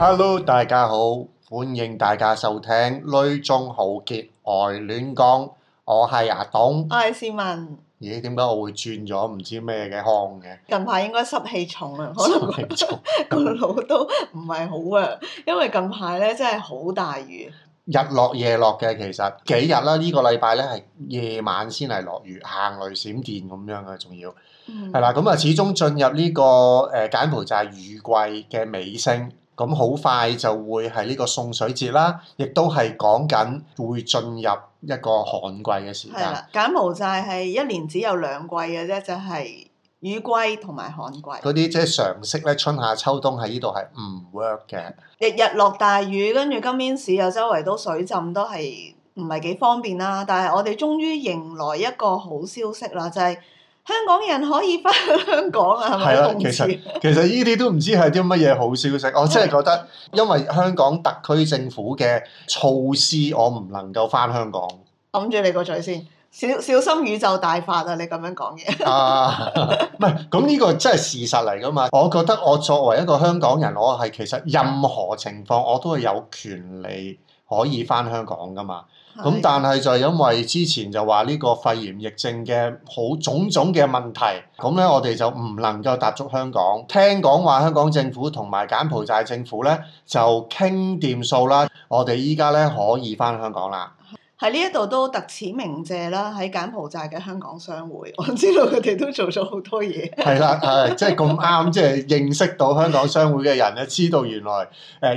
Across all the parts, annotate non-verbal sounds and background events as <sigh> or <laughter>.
Hello，大家好，歡迎大家收聽《女中豪傑外戀江》，我係阿董，我係斯文。咦？點解我會轉咗唔知咩嘅腔嘅？近排應該濕氣重啊，可能個腦都唔係 <laughs> 好啊，因為近排咧真係好大雨。日落夜落嘅，其實幾日啦，啊？這個、呢個禮拜咧係夜晚先係落雨，行雷閃電咁樣嘅，仲要係啦。咁啊、嗯，始終進入呢、這個誒柬埔寨雨季嘅尾聲。咁好快就會係呢個送水節啦，亦都係講緊會進入一個旱季嘅時間。係啦，柬埔寨係一年只有兩季嘅啫，就係、是、雨季同埋旱季。嗰啲即係常識咧，春夏秋冬喺呢度係唔 work 嘅。日日落大雨，跟住今年市又周圍都水浸，都係唔係幾方便啦？但係我哋終於迎來一個好消息啦，就係、是。香港人可以返香港啊？係啊，其實 <laughs> 其實呢啲都唔知係啲乜嘢好消息。我真係覺得，因為香港特區政府嘅措施，我唔能夠返香港。揞住你個嘴先，小小心宇宙大法啊！你咁樣講嘢 <laughs> 啊？唔係，咁呢個真係事實嚟㗎嘛？我覺得我作為一個香港人，我係其實任何情況我都係有權利。可以翻香港噶嘛？咁的但係就係因為之前就話呢個肺炎疫症嘅好種種嘅問題，咁咧我哋就唔能夠踏足香港。聽講話香港政府同埋柬埔寨政府咧就傾掂數啦，我哋依家咧可以翻香港啦。喺呢一度都特此鳴謝啦，喺柬埔寨嘅香港商會，我知道佢哋都做咗好多嘢、 <laughs> <laughs> 啊。係啦，誒，即係咁啱，即係認識到香港商會嘅人咧， <laughs> 知道原來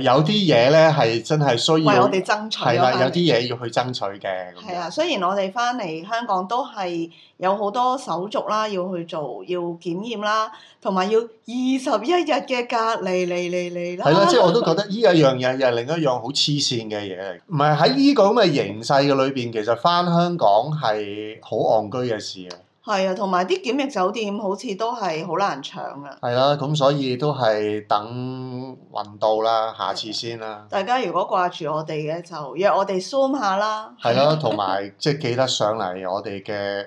誒有啲嘢咧係真係需要。為我哋爭取係啦，吧那邊 有啲嘢要去爭取嘅。係啊，雖然我哋翻嚟香港都係有好多手續啦，要去做，要檢驗啦，同埋要二十一日嘅隔離嚟嚟嚟啦。係啦、 <laughs> 啊，即係我都覺得呢一樣嘢又係另一樣好黐線嘅嘢嚟。唔係喺呢個咁嘅形勢。裏邊其實返香港係好戇居嘅事的啊！係啊，同埋啲檢疫酒店好似都係好難搶啊！係啦，咁所以都係等運到啦，下次先啦。大家如果掛住我哋嘅，就約我哋 zoom 下啦。係 <laughs> 咯、啊，同埋即係記得上嚟我哋嘅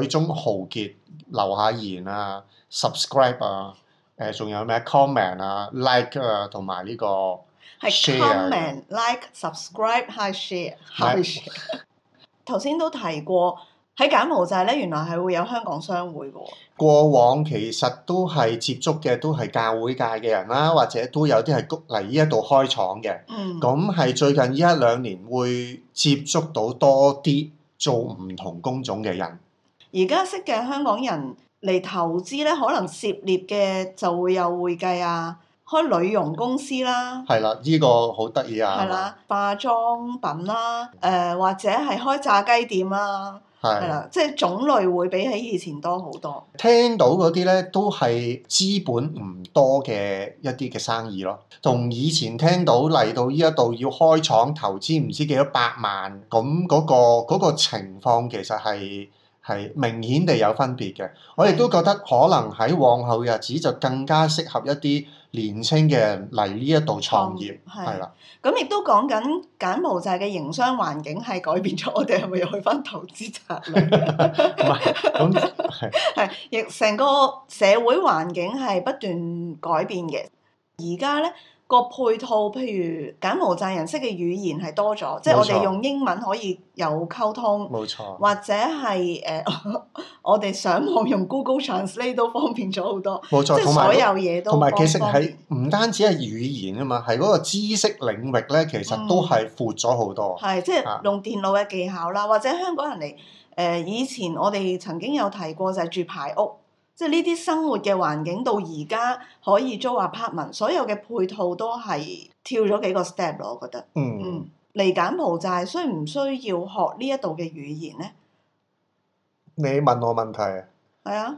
女中豪傑留下言啊，subscribe 啊，誒、呃、仲有咩 comment 啊，like 啊，同埋呢個。係 comment、com ment, 的 like、subscribe、high share、comment 是。頭先 <laughs> 都提過喺柬埔寨咧，原來係會有香港商會嘅。過往其實都係接觸嘅都係教會界嘅人啦，或者都有啲係嚟呢一度開廠嘅。嗯，咁係最近呢一兩年會接觸到多啲做唔同工種嘅人。而家、嗯、識嘅香港人嚟投資咧，可能涉獵嘅就會有會計啊。開旅遊公司啦，係啦，呢、這個好得意啊！係啦，化妝品啦，誒、呃、或者係開炸雞店啦，係啦的，即係種類會比起以前多好多。聽到嗰啲咧都係資本唔多嘅一啲嘅生意咯，同以前聽到嚟到呢一度要開廠投資唔知幾多百萬，咁嗰、那個嗰、那個情況其實係。係明顯地有分別嘅，我亦都覺得可能喺往後日子就更加適合一啲年青嘅嚟呢一度創業，係啦。咁亦都講緊柬埔寨嘅營商環境係改變咗，我哋係咪又去翻投資策略？唔 <laughs> 係， <laughs> 係亦成個社會環境係不斷改變嘅。而家咧。個配套，譬如柬埔寨人識嘅語言係多咗，錯即係我哋用英文可以有溝通，錯或者係誒，uh, <laughs> 我哋上網用 Google Translate 都方便咗好多，錯即係所有嘢都。同埋其實係唔單止係語言啊嘛，係嗰、嗯、個知識領域咧，其實都係闊咗好多。係，即係用電腦嘅技巧啦，或者香港人嚟誒，uh, 以前我哋曾經有提過就係住排屋。即係呢啲生活嘅環境到而家可以租 apartment，所有嘅配套都係跳咗幾個 step 咯，我覺得。嗯。嚟、嗯、柬埔寨需唔需要學呢一度嘅語言咧？你問我問題。係啊。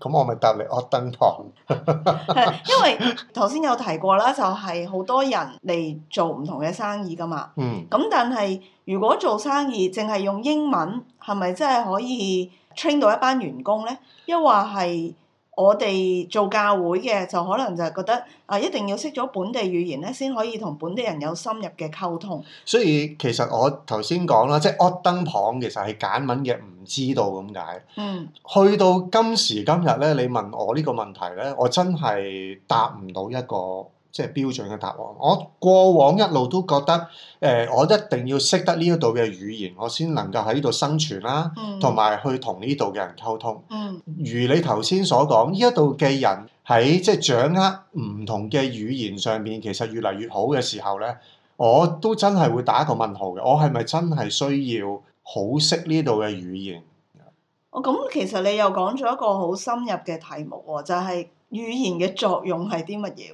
咁我咪答你，我登堂。因為頭先有提過啦，就係、係、好多人嚟做唔同嘅生意噶嘛。嗯。咁但係如果做生意淨係用英文，係咪真係可以？train 到一班員工咧，又或係我哋做教會嘅，就可能就係覺得啊，一定要識咗本地語言咧，先可以同本地人有深入嘅溝通。所以其實我頭先講啦，即 odd 係惡登蚌其實係柬文嘅唔知道咁解。嗯，去到今時今日咧，你問我呢個問題咧，我真係答唔到一個。即係標準嘅答案。我過往一路都覺得，誒、呃，我一定要識得呢一度嘅語言，我先能夠喺呢度生存啦、啊，同埋、嗯、去同呢度嘅人溝通。嗯，如你頭先所講，呢一度嘅人喺即係掌握唔同嘅語言上面其實越嚟越好嘅時候咧，我都真係會打一個問號嘅。我係咪真係需要好識呢度嘅語言？我咁其實你又講咗一個好深入嘅題目喎，就係、是、語言嘅作用係啲乜嘢？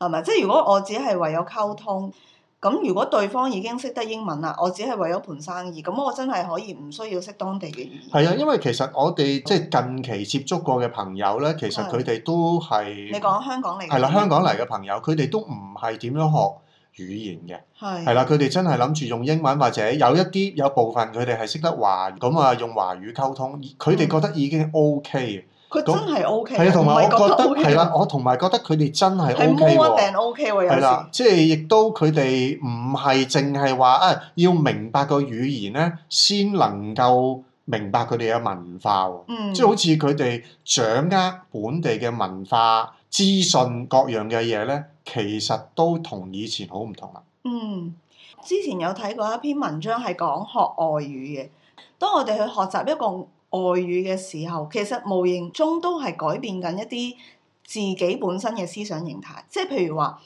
係咪？即係如果我只係為咗溝通，咁如果對方已經識得英文啦，我只係為咗盤生意，咁我真係可以唔需要識當地嘅語言。係啊，因為其實我哋即係近期接觸過嘅朋友咧，其實佢哋都係你講香港嚟嘅。係啦，香港嚟嘅朋友，佢哋都唔係點樣學語言嘅。係的。係啦，佢哋真係諗住用英文，或者有一啲有部分佢哋係識得華，咁啊用華語溝通，佢哋覺得已經 OK。嗯。佢真係 O K，我同埋我覺得係啦，的的我同埋覺得佢哋真係 O K 喎。係 more than O K 喎，有時即係亦都佢哋唔係淨係話啊，要明白個語言咧，先能夠明白佢哋嘅文化。嗯，即係好似佢哋掌握本地嘅文化資訊、各樣嘅嘢咧，其實都同以前好唔同啦。嗯，之前有睇過一篇文章係講學外語嘅，當我哋去學習一個。外語嘅時候，其實無形中都係改變緊一啲自己本身嘅思想形態。即係譬如話，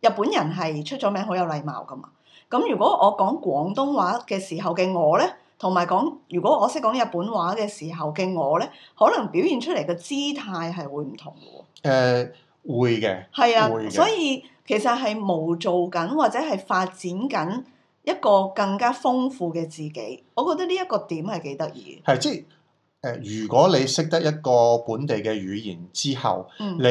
日本人係出咗名好有禮貌㗎嘛。咁如果我講廣東話嘅時候嘅我咧，同埋講如果我識講日本話嘅時候嘅我咧，可能表現出嚟嘅姿態係會唔同嘅喎、呃。會嘅，係啊，的所以其實係無造緊，或者係發展緊一個更加豐富嘅自己。我覺得呢一個點係幾得意嘅，即如果你識得一個本地嘅語言之後，嗯、你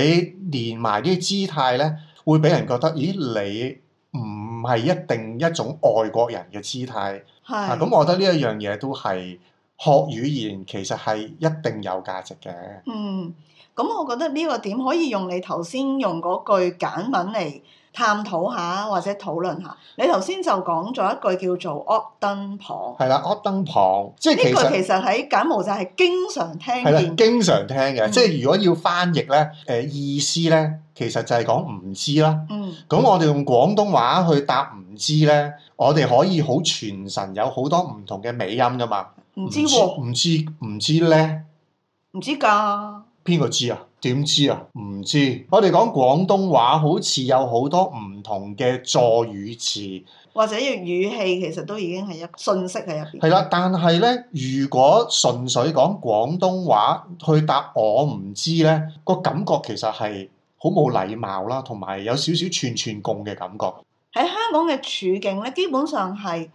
連埋啲姿態咧，會俾人覺得，咦，你唔係一定一種外國人嘅姿態。係，咁、啊嗯、我覺得呢一樣嘢都係學語言，其實係一定有價值嘅、嗯。嗯，咁、嗯、我覺得呢個點可以用你頭先用嗰句簡文嚟。探討下或者討論下，你頭先就講咗一句叫做惡登蚌。係啦惡登蚌，即係呢句其實喺柬埔寨係經常聽。係啦，經常聽嘅，嗯、即係如果要翻譯咧，誒、呃、意思咧，其實就係講唔知啦。嗯，咁我哋用廣東話去答唔知咧，我哋可以好傳神，有好多唔同嘅尾音㗎嘛。唔知喎、啊，唔知唔知咧，唔知㗎。邊個知啊？點知啊？唔知。我哋講廣東話，好似有好多唔同嘅助語詞，或者用語氣，其實都已經係一個信息喺入邊。係啦，但係咧，如果純粹講廣東話去答我唔知咧，個感覺其實係好冇禮貌啦，同埋有少少串串共嘅感覺。喺香港嘅處境咧，基本上係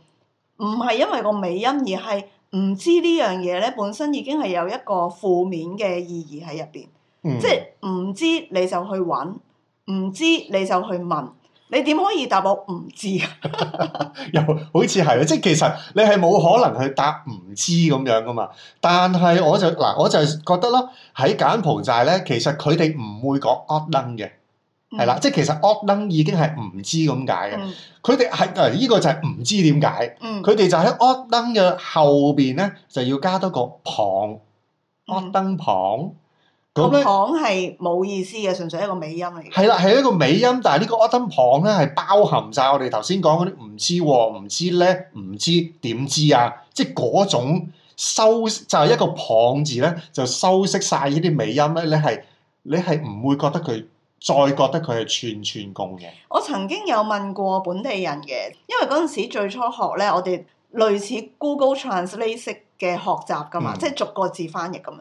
唔係因為個尾音，而係。唔知呢樣嘢咧，本身已經係有一個負面嘅意義喺入邊，嗯、即係唔知你就去揾，唔知你就去問，你點可以答我唔知啊？又 <laughs> <laughs> 好似係啊，即係其實你係冇可能去答唔知咁樣噶嘛。但係我就嗱，我就覺得啦，喺柬埔寨咧，其實佢哋唔會講惡登嘅。係啦、嗯，即係其實惡登已經係唔知咁解嘅，佢哋係誒呢個就係唔知點解，佢哋、嗯、就喺惡登嘅後邊咧，就要加多個蚌惡登蚌咁咧，蚌係冇意思嘅，純粹一個尾音嚟嘅。係啦，係一個尾音，但係呢個惡登蚌咧係包含晒我哋頭先講嗰啲唔知、唔知咧、唔知點知啊，即係嗰種修就係、是、一個蚌字咧，就修飾晒呢啲尾音咧，你係你係唔會覺得佢？再覺得佢係串串工嘅。我曾經有問過本地人嘅，因為嗰陣時最初學咧，我哋類似 Google Translate 式嘅學習噶嘛，嗯、即係逐個字翻譯咁。咁、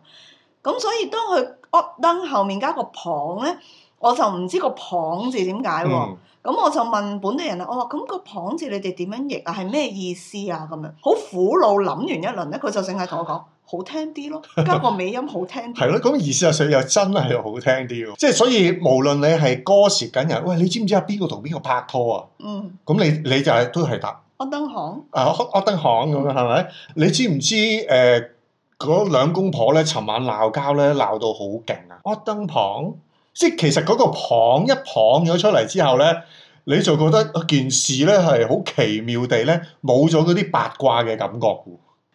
嗯、所以當佢惡登後面加個蚌咧，我就唔知、個蚌字點解喎。咁、嗯、我就問本地人、那個、啊，我話咁個蚌字你哋點樣譯啊？係咩意思啊？咁樣好苦惱，諗完一輪咧，佢就剩係同我講。好聽啲咯，加個尾音好聽啲。係咯， <laughs> 咁二十四歲又真係好聽啲喎。即係所以，無論你係歌詞緊人，喂，你知唔知啊？邊個同邊個拍拖啊？嗯。咁你你就係都係答。惡登蚌。啊，惡登蚌咁樣係咪？你知唔知誒？嗰、呃、兩公婆咧，尋晚鬧交咧，鬧到好勁啊！惡登蚌，即係其實嗰個蚌一蚌咗出嚟之後咧，你就覺得件事咧係好奇妙地咧，冇咗嗰啲八卦嘅感覺。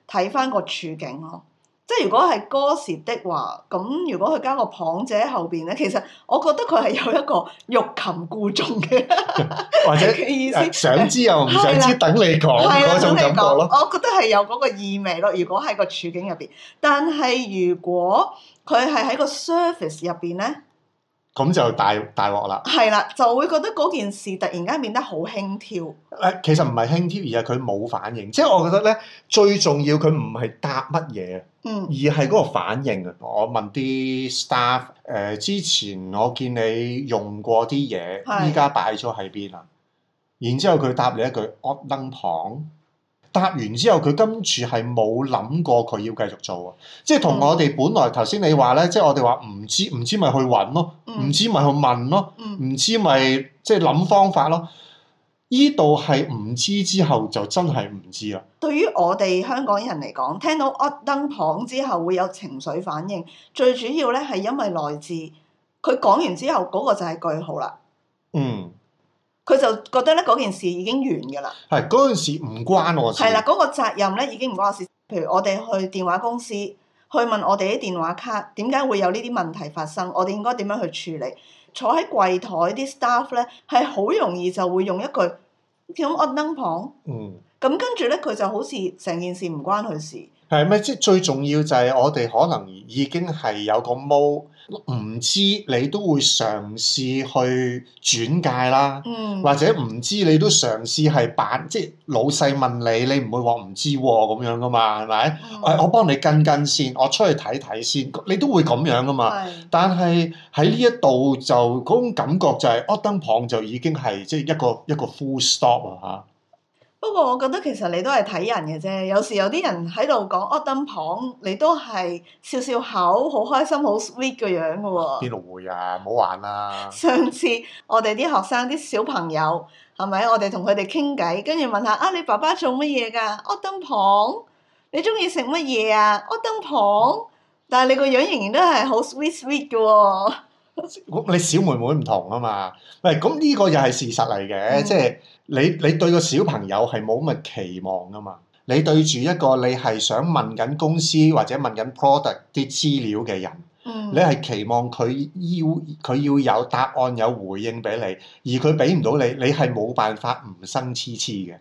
睇翻個處境咯，即係如果係歌詞的話，咁如果佢加個旁者喺後邊咧，其實我覺得佢係有一個欲擒故縱嘅，或者嘅 <laughs> 意思，想知又唔想知，的等你講嗰種感覺咯。我覺得係有嗰個意味咯。如果喺個處境入邊，但係如果佢係喺個 surface 入邊咧。咁就大大鑊啦，係啦，就會覺得嗰件事突然間變得好輕佻。誒，其實唔係輕佻，而係佢冇反應。即係我覺得咧，最重要佢唔係答乜嘢，嗯，而係嗰個反應啊。我問啲 staff 誒，之前我見你用過啲嘢，依家擺咗喺邊啊？然之後佢答你一句，惡登蚌。答完之後，佢跟住係冇諗過佢要繼續做啊！即係同我哋本來頭先、嗯、你話咧，即係我哋話唔知唔知咪去揾咯，唔、嗯、知咪去問咯，唔、嗯、知咪即係諗方法咯。依度係唔知之後就真係唔知啦。對於我哋香港人嚟講，聽到惡登蚌之後會有情緒反應，最主要咧係因為來自佢講完之後嗰、那個就係句號啦。佢就覺得咧嗰件事已經完嘅啦。係嗰陣時唔關我事。係啦，嗰、嗰個責任咧已經唔關我事。譬如我哋去電話公司去問我哋啲電話卡點解會有呢啲問題發生，我哋應該點樣去處理？坐喺櫃台啲 staff 咧係好容易就會用一句咁惡登蚌。嗯。咁、嗯、跟住咧，佢就好似成件事唔關佢事。係咪？即係最重要就係我哋可能已經係有個毛。唔知你都會嘗試去轉介啦，嗯、或者唔知你都嘗試係扮，即、就、係、是、老細問你，你唔會話唔知喎咁、啊、樣噶嘛，係咪？誒、嗯哎，我幫你跟跟先，我出去睇睇先，你都會咁樣噶嘛。是但係喺呢一度就嗰種感覺就係惡登蚌就已經係即係一個一個 full stop 啊嚇。啊。不過我覺得其實你都係睇人嘅啫，有時有啲人喺度講惡登蚌，um、ong，你都係笑笑口，好開心，好 sweet 嘅樣噶喎，哦。邊度會啊？唔好玩啦，啊！上次我哋啲學生啲小朋友係咪？我哋同佢哋傾偈，跟住問，問下啊，你爸爸做乜嘢㗎？惡登蚌，um、ong，你中意食乜嘢啊？惡登蚌，但係你個樣仍然都係好 sweet sweet 嘅喎。你小妹妹唔同啊嘛，喂，咁呢個又係事實嚟嘅，嗯、即係你你對個小朋友係冇乜期望噶嘛，你對住一個你係想問緊公司或者問緊 product 啲資料嘅人，嗯、你係期望佢要佢要有答案有回應俾你，而佢俾唔到你，你係冇辦法唔生黐黐嘅，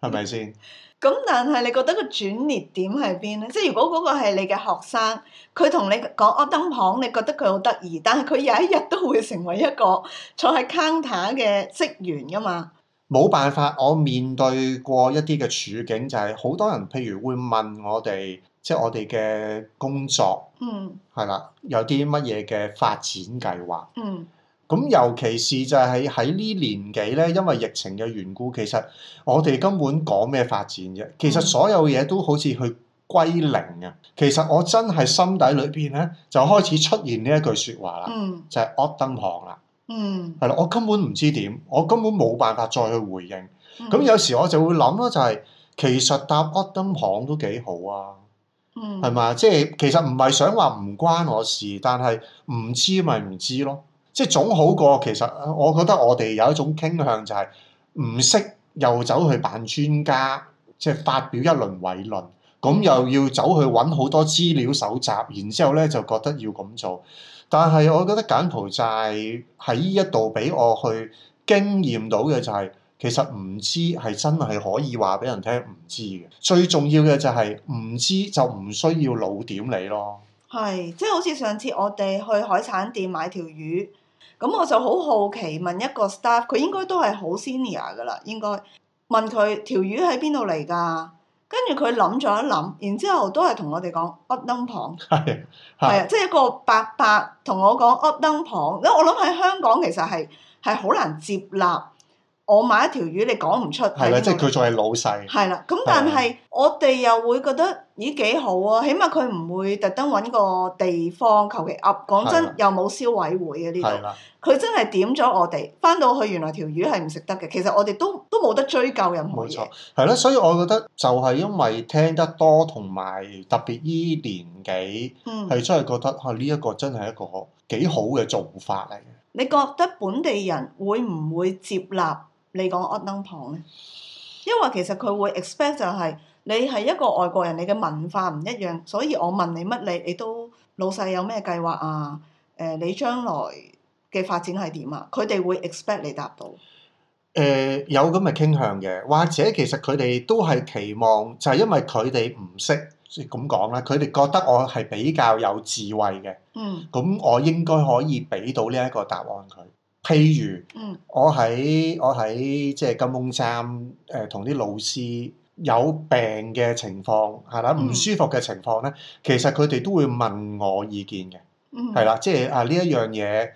係咪先？嗯咁但係你覺得個轉裂點喺邊咧？即係如果嗰個係你嘅學生，佢同你講鵪鶉鴨，你覺得佢好得意，但係佢有一日都會成為一個坐喺 c o 嘅職員噶嘛？冇辦法，我面對過一啲嘅處境，就係、是、好多人譬如會問我哋，即、就、係、是、我哋嘅工作，嗯，係啦，有啲乜嘢嘅發展計劃，嗯。咁尤其是就係喺呢年紀咧，因為疫情嘅緣故，其實我哋根本講咩發展啫。其實所有嘢都好似去歸零嘅。其實我真係心底裏邊咧，就開始出現呢一句説話啦，就係惡登蚌啦。嗯，係啦、就是嗯，我根本唔知點，我根本冇辦法再去回應。咁、嗯、有時我就會諗啦、就是，就係其實搭惡登蚌都幾好啊。嗯，係嘛？即、就、係、是、其實唔係想話唔關我事，但係唔知咪唔知咯。即係總好過，其實我覺得我哋有一種傾向就係唔識又走去扮專家，即、就、係、是、發表一輪偉論，咁又要走去揾好多資料搜集，然之後咧就覺得要咁做。但係我覺得柬埔寨喺呢一度俾我去經驗到嘅就係、是，其實唔知係真係可以話俾人聽唔知嘅。最重要嘅就係唔知就唔需要老點你咯。係，即係好似上次我哋去海產店買條魚。咁我就好好奇問一個 staff，佢應該都係好 senior 噶啦，應該問佢條魚喺邊度嚟㗎？跟住佢諗咗一諗，然之後都係同我哋講惡登蚌，係啊，即係、就是、一個伯伯同我講惡登蚌，因為我諗喺香港其實係係好難接納。我買一條魚，你講唔出係啦，即係佢仲係老細。係啦，咁但係的我哋又會覺得咦幾好啊？起碼佢唔會特登揾個地方求其噏，講真的又冇消委會嘅呢度。佢的真係點咗我哋翻到去，原來條魚係唔食得嘅。其實我哋都都冇得追究任何嘢。係啦，所以我覺得就係因為聽得多同埋特別依年紀，係、嗯、真係覺得嚇呢、啊這個、一個真係一個幾好嘅做法嚟嘅。你覺得本地人會唔會接納？你講 odd number 咧，因為其實佢會 expect 就係你係一個外國人，你嘅文化唔一樣，所以我問你乜你，你都老細有咩計劃啊？誒、呃，你將來嘅發展係點啊？佢哋會 expect 你答到。誒、呃，有咁嘅傾向嘅，或者其實佢哋都係期望，就係、是、因為佢哋唔識咁講啦，佢哋覺得我係比較有智慧嘅，嗯，咁我應該可以俾到呢一個答案佢。譬如我喺我喺即係金鐘站，誒，同啲老師有病嘅情況係啦，唔舒服嘅情況咧，其實佢哋都會問我意見嘅，係啦，即係啊呢一樣嘢，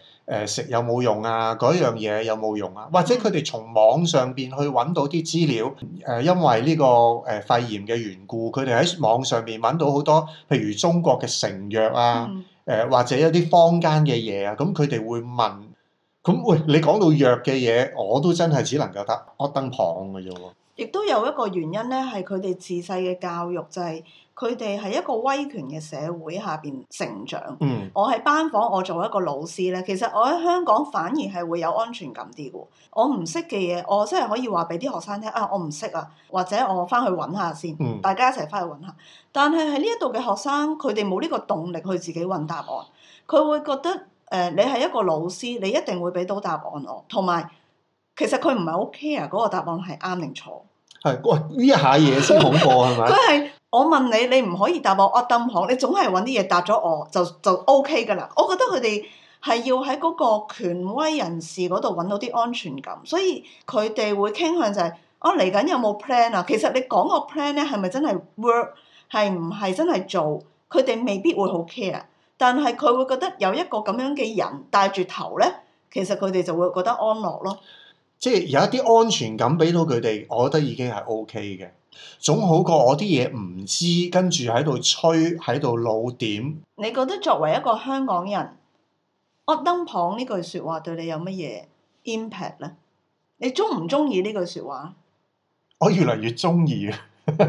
誒食有冇用啊？嗰樣嘢有冇用啊？或者佢哋從網上邊去揾到啲資料誒，因為呢個誒肺炎嘅緣故，佢哋喺網上邊揾到好多，譬如中國嘅成藥啊，誒或者一啲坊間嘅嘢啊，咁佢哋會問。咁喂，你講到弱嘅嘢，我都真係只能夠得惡登蚌嘅啫喎。亦都有一個原因咧，係佢哋自細嘅教育就係佢哋喺一個威權嘅社會下邊成長。嗯，我喺班房，我做一個老師咧，其實我喺香港反而係會有安全感啲嘅。我唔識嘅嘢，我真係可以話俾啲學生聽啊，我唔識啊，或者我翻去揾下先。嗯，大家一齊翻去揾下。但係喺呢一度嘅學生，佢哋冇呢個動力去自己揾答案，佢會覺得。誒，uh, 你係一個老師，你一定會俾到答案我。同埋，其實佢唔係好 care 嗰個答案係啱定錯。係，喂，呢下嘢先好過係咪？佢係我問你，你唔可以答我阿登行，你總係揾啲嘢答咗我，就就 OK 㗎啦。我覺得佢哋係要喺嗰個權威人士嗰度揾到啲安全感，所以佢哋會傾向就係，啊，我嚟緊有冇 plan 啊？其實你講個 plan 咧，係咪真係 work？係唔係真係做？佢哋未必會好 care。但係佢會覺得有一個咁樣嘅人帶住頭咧，其實佢哋就會覺得安樂咯。即係有一啲安全感俾到佢哋，我覺得已經係 OK 嘅，總好過我啲嘢唔知，跟住喺度吹，喺度老點。你覺得作為一個香港人，惡登蚌呢句説話對你有乜嘢 impact 咧？你中唔中意呢句説話？我越嚟越中意。係 <laughs>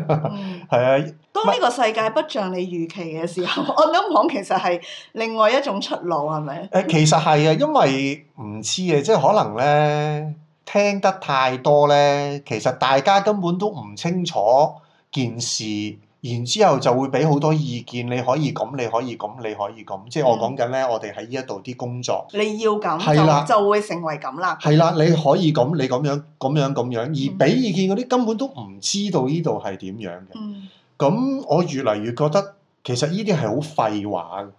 啊，當呢個世界不像你預期嘅時候， <laughs> 我諗講其實係另外一種出路，係咪？誒，其實係啊，因為唔知啊，即係可能咧，聽得太多咧，其實大家根本都唔清楚件事。然之後就會俾好多意見，你可以咁，你可以咁，你可以咁。即係我講緊咧，嗯、我哋喺呢一度啲工作，你要咁，就係啦、就會成為咁啦。係啦，你可以咁，你咁樣，咁樣，咁樣，而俾意見嗰啲根本都唔知道呢度係點樣嘅。咁、嗯、我越嚟越覺得其實呢啲係好廢話嘅。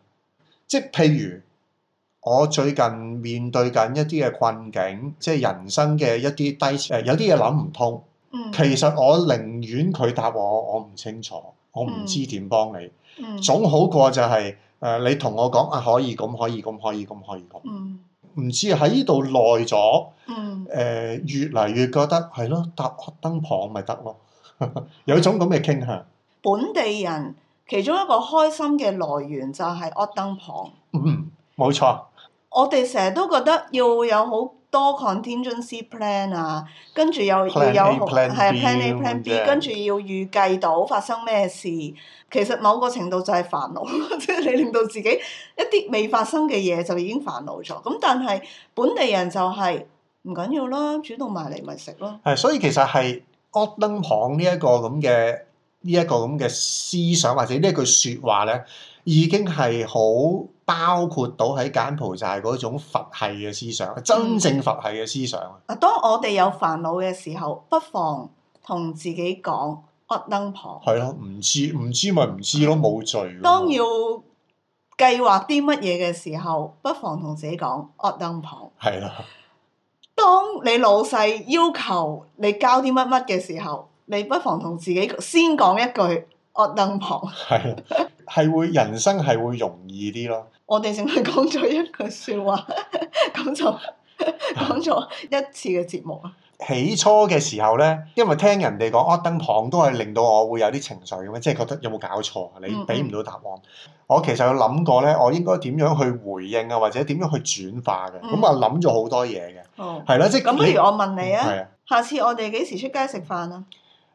即係譬如我最近面對緊一啲嘅困境，即係人生嘅一啲低潮、呃、有啲嘢諗唔通。 <noise> 其實我寧願佢答我，我唔清楚，我唔知點幫你， <noise> 總好過就係、是、誒、呃、你同我講啊，可以咁，可以咁，可以咁，可以咁，唔 <noise> 知喺呢度耐咗，誒、呃、越嚟越覺得係咯，搭登蚌咪得咯，有種咁嘅傾向。本地人其中一個開心嘅來源就係惡登蚌，嗯，冇、 <noise> 嗯、錯。我哋成日都覺得要有好。多 contingency plan 啊，跟住又要有係 plan A plan B，跟住要預計到發生咩事。 <laughs> 其實某個程度就係煩惱，即 <laughs> 係你令到自己一啲未發生嘅嘢就已經煩惱咗。咁但係本地人就係唔緊要啦，主動埋嚟咪食咯。係，所以其實係惡登蚌呢一個咁嘅呢一個咁嘅思想或者呢一句説話咧，已經係好。包括到喺柬埔寨嗰種佛系嘅思想，真正佛系嘅思想。啊、嗯，當我哋有煩惱嘅時候，不妨同自己講惡登蚌。係咯，唔知唔知咪唔知咯，冇罪。當要計劃啲乜嘢嘅時候，不妨同自己講惡登蚌。係咯。的當你老細要求你交啲乜乜嘅時候，你不妨同自己先講一句惡登蚌。係。係會人生係會容易啲咯。我哋淨係講咗一句說話，咁 <laughs> 就講咗一次嘅節目。起初嘅時候咧，因為聽人哋講惡登蚌都係令到我會有啲情緒咁樣，即係覺得有冇搞錯啊？你俾唔到答案，嗯嗯、我其實有諗過咧，我應該點樣去回應啊，或者點樣去轉化嘅，咁啊諗咗好多嘢嘅。係啦、嗯，即係咁。不如我問你啊，嗯、的下次我哋幾時出街食飯啊？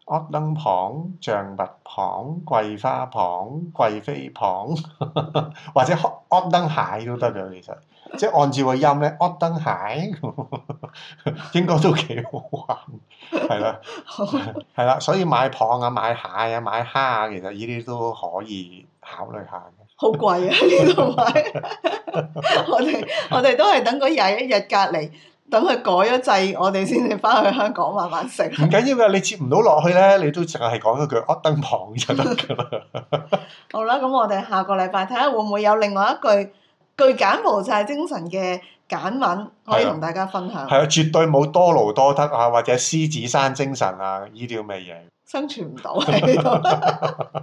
惡登蚌、象拔蚌、桂花蚌、貴妃蚌， <laughs> 或者惡惡登蟹都得嘅。其實，即係按照個音咧，惡登 <laughs> 登蟹， <laughs> 應該都幾好玩。係啦， <laughs> 係啦，所以買蚌啊、買蟹啊、買蝦啊，其實呢啲都可以考慮下嘅。好貴啊！呢度買 <laughs> 我，我哋我哋都係等個廿一日隔離。等佢改一陣，我哋先至翻去香港慢慢食。唔緊要㗎，你接唔到落去咧，你都淨係講一句惡登蚌就得㗎啦。 <laughs> 好啦，咁我哋下個禮拜睇下會唔會有另外一句具柬埔寨精神嘅柬文，可以同大家分享。係啊，啊，絕對冇多勞多得啊，或者獅子山精神啊，依啲咁嘅嘢。生存唔到喺呢度。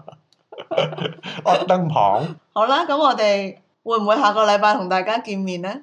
惡登 <laughs> 蚌。 <laughs> 好啦，咁我哋會唔會下個禮拜同大家見面咧？